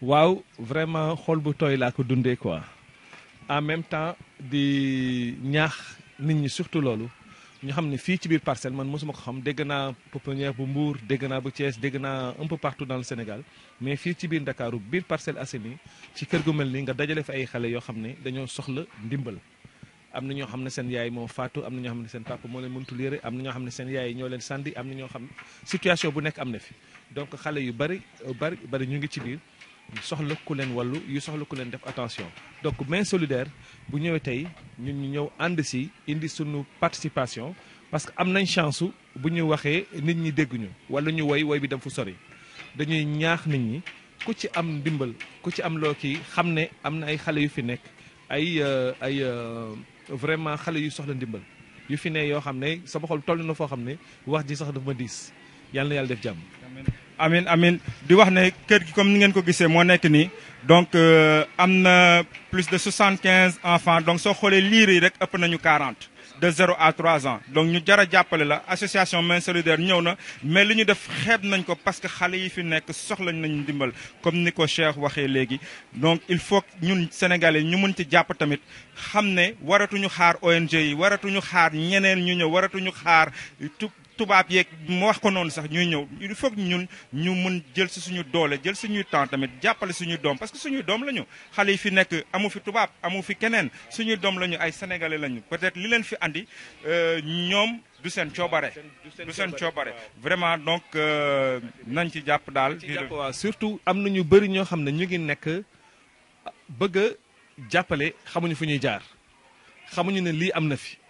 waaw vraiment xol bu tooy laa ko dundé quoi en même temps di ñaax nit ñi surtout lolu. ñu xam ne fii ci biir parcelle man mosuma ko xam dégg naa pépinière bu Mbour dégg naa bu Thiès dégg naa un peu partout dans le Sénégal mais fii ci biir Ndakaaru biir parcelle Assainies ci kër gu mel nii nga dajale fi ay xale yoo xam ne dañoo soxla ndimbal am na ñoo xam ne seen yaay moo faatu am na ñoo xam ne seen papa moo leen mëntul yére am na ñoo xam ne seen yaay ñoo leen sandi am na ñoo xam situation bu nekk am na fi donc xale yu bari bari bari ñu ngi ci biir soxla ku leen wàllu yu soxla ku leen def attention donc main solidaire bu ñëwee tey ñun ñu ñëw ànd si indi sunu participation parce que am nañ chance bu ñu waxee nit ñi dégg ñu wala ñu woy woy bi dem fu sori dañuy ñaax nit ñi ku ci am ndimbal ku ci am loo kii xam ne am na ay xale yu fi nekk ay euh, ay euh, vraiment xale yu soxla ndimbal yu fi ne yoo xam ne sama xol toll na foo xam ne wax ji sax dafa ma diis yàlla na yàlla def jàmm amin amin di wax ne kër gi comme ni ngeen ko gisee moo nekk nii donc euh, am plus de 75 enfants donc soo xoolee liiri rek ëpp nañu 40 de 0 à 3 ans donc ñu jar a jàppale la association main solidaire ñëw na mais li ñu def xeeb nañ ko parce que xale yi fi nekk soxlañ nañ ndimbal comme ni ko cheikh waxee léegi donc il faut ñun sénégalais yi ñu mën ci jàpp tamit xam ne waratuñu xaar ong yi waratuñu xaar ñeneen ñu ñëw waratuñu xaar tout tubaab yeeg mu wax ko noonu sax ñuy ñëw il ñun ñu mën jël si suñu doole jël suñuy temps tamit jàppale suñu doom parce que suñu doom lañu xale yi fi nekk amu fi tubaab amu fi keneen suñu doom lañu ay sénégalais lañu peut-être li leen fi andi euh, ñoom du seen coobare du seen coobare vraiment donc euh, nañ ci jàpp daal. waaw surtout am na ñu bëri ñoo xam ne ñu ngi nekk bëgg a jàppale xamuñu fu ñuy jaar xamuñu ne lii am na fi.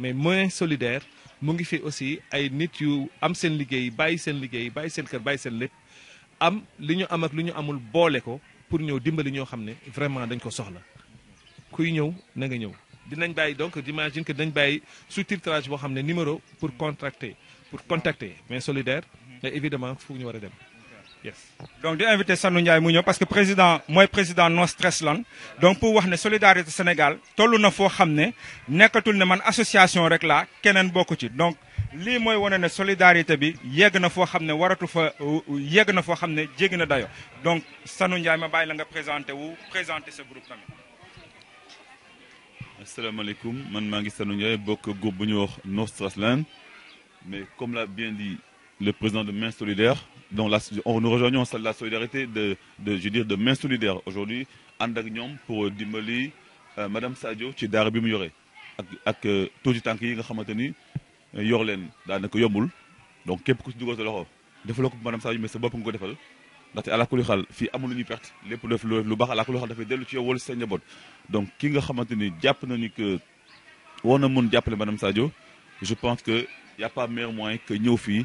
mais moins solidaire mu ngi fi aussi ay nit yu am seen liggéey bàyyi seen liggéey bàyyi seen kër bàyyi seen lépp am li ñu am ak li ñu amul boole ko pour ñëw dimbali ñoo xam ne vraiment dañ ko soxla kuy ñëw na nga ñëw. dinañ bàyyi donc imagine que dinañ bàyyi sous-titrage boo xam ne numéro pour contracter pour contacter mais solidaire mais évidemment fu ñu war a dem yes donc di invité Sanou Ndiaye mu parce que président moi président No Stress donc pour wax ne solidarité Sénégal le na foo xam que nekkatul ne man association avec là, kenen bokku ci donc li moy woné né solidarité bi yegg na fo xamné waratu fa yegg na fo xamné dayo donc Sanu Ndiaye ma bay la nga présenter wu présenter ce groupe tamit. asalaamaaleykum man ma ngi Sanu Ndiaye bokk groupe bu ñu wax No mais comme l'a bien dit le président de Main Solidaire. Donc, la, on, nous rejoignons la solidarité de, de, je veux dire, de Main Solidaire aujourd'hui, Andagnom pour Dimoli, euh, Madame Sadio, ci daara bi mu yoré ak ak euh, temps tànk yi nga Yorlen dans le leen daanaka yombul donc képp ku si dugal sa loxo defaloo ko Madame Sadio mais sa bopp nga ko defal ndaxte la xaal fi amul lu ñuy perte lépp def lu baax àlakuli xaal dafay dellu ci yow wala sa njaboot donc ki nga xamante ni jàpp nañu que war na mun jàppale Madame Sadio je pense que y a pas meilleur moyen que ñëw fii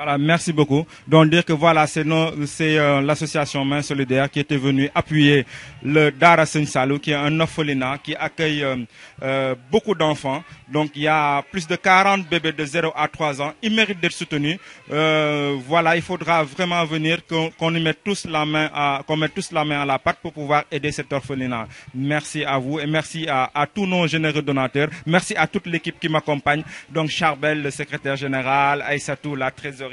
Voilà, merci beaucoup. Donc dire que voilà, c'est euh, l'association Main Solidaire qui était venue appuyer le Dara Salou, qui est un orphelinat qui accueille euh, euh, beaucoup d'enfants. Donc il y a plus de 40 bébés de 0 à 3 ans. Ils méritent d'être soutenus. voilà, il faudra vraiment venir qu'on y mette tous la main à mette tous la main à la pâte pour pouvoir aider cet orphelinat. Merci à vous et merci à, tous nos généreux donateurs. Merci à toute l'équipe qui m'accompagne. Donc Charbel, le secrétaire général, Aïssatou, la trésorerie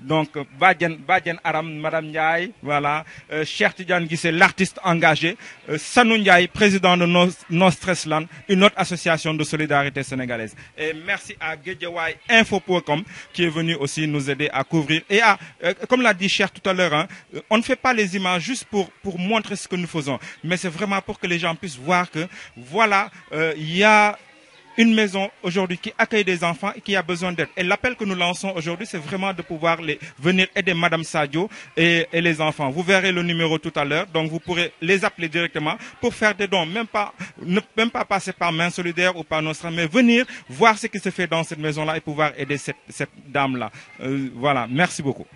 donc Badian Aram, Madame Ndiaye, voilà, euh, Cher Tidjan c'est l'artiste engagé, euh, Sanou Ndiaye, président de Nostresland, une autre association de solidarité sénégalaise. Et merci à Gedjewai Info.com qui est venu aussi nous aider à couvrir. Et à, euh, comme l'a dit Cher tout à l'heure, hein, on ne fait pas les images juste pour montrer ce que nous faisons, mais c'est vraiment pour que les gens puissent voir que, voilà, il y a une maison aujourd'hui qui accueille des enfants et qui a besoin d'aide. Et l'appel que nous lançons aujourd'hui, c'est vraiment de pouvoir les, venir aider Madame Sadio et, les enfants. Vous verrez le numéro tout à l'heure, donc vous pourrez les appeler directement pour faire des dons, même pas, ne, même pas passer par main solidaire ou par Nostra, mais venir voir ce qui se fait dans cette maison-là et pouvoir aider cette, dame-là. Euh, voilà, merci beaucoup.